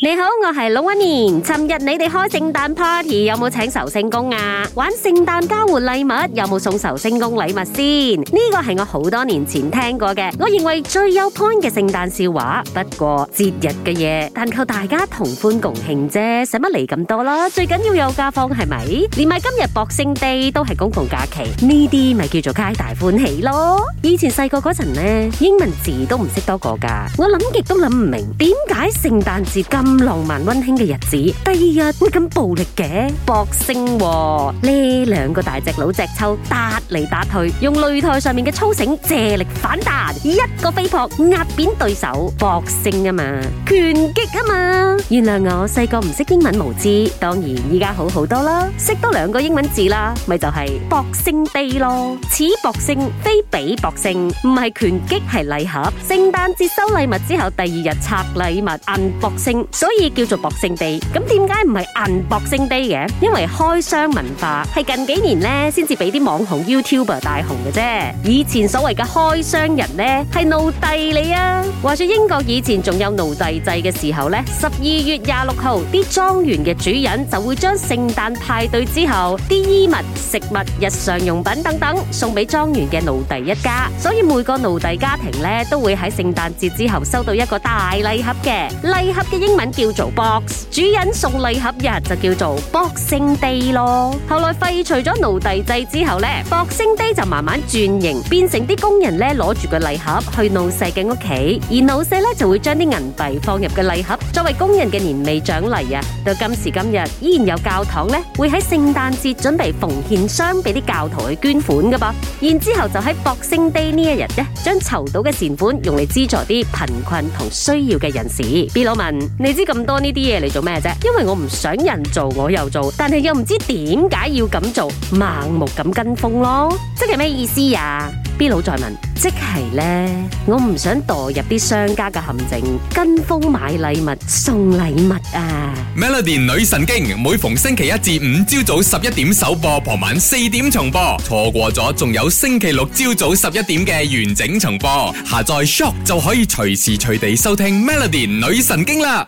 你好，我係龍紋敏。尋日你哋開聖誕 party 有冇請壽星公啊？玩聖誕交換禮物有冇送壽星公禮物先？呢、這個係我好多年前聽過嘅，我認為最有 point 嘅聖誕笑話。不過節日嘅嘢，但求大家同歡共慶啫，使乜嚟，咁多啦？最緊要有假放係咪？連埋今日 Boxing Day 都係公共假期，呢啲咪叫做皆大歡喜咯？以前細個嗰陣咧，英文字都唔識多個噶，我諗極都諗唔明點解聖誕節今。咁浪漫温馨嘅日子，第二日乜咁暴力嘅 Boxing？呢兩個大隻佬隻抽打嚟打去，用擂台上面嘅粗繩借力反彈，一個飛撲壓扁對手，Boxing 啊嘛，拳擊啊嘛。原諒我細個唔識英文無知，當然依家好好多啦，識多兩個英文字啦，咪就係 Boxing Day 咯。此 Boxing 非彼 Boxing，唔係拳擊係禮盒。聖誕節收禮物之後，第二日拆禮物，按 Boxing。所以叫做 Boxing Day，a y 咁點解唔係 Unboxing Day 嘅？因為開箱文化係近幾年咧先至俾啲網紅 YouTuber 大紅嘅啫。以前所謂嘅開箱人咧係奴隸嚟啊！話說英國以前仲有奴隸制嘅時候咧，十二月廿六號啲莊園嘅主人就會將聖誕派對之後啲衣物、食物、日常用品等等送俾莊園嘅奴隸一家，所以每個奴隸家庭咧都會喺聖誕節之後收到一個大禮盒嘅禮盒嘅英文，叫做 box，主人送禮盒日就叫做 boxing day 咯。後來廢除咗奴隸制之後呢，boxing day 就慢慢轉型，變成啲工人呢攞住個禮盒去老細嘅屋企，而老細呢就會將啲銀幣放入個禮盒，作為工人嘅年尾獎勵啊。到今時今日，依然有教堂呢會喺聖誕節準備奉獻箱俾啲教徒去捐款噶噃。然之後就喺 boxing day 呢一日呢，將籌到嘅善款用嚟資助啲貧困同需要嘅人士。Bill 老文，你知咁多呢啲嘢嚟做咩啫？因為我唔想人做我又做，但係又唔知點解要咁做，盲目咁跟風咯。即係咩意思呀、啊？必老再問，即係呢，我唔想墮入啲商家嘅陷阱，跟風買禮物送禮物啊！Melody 女神經每逢星期一至五朝早十一點首播，傍晚四點重播，錯過咗仲有星期六朝早十一點嘅完整重播。下載 Shock 就可以隨時隨地收聽 Melody 女神經啦。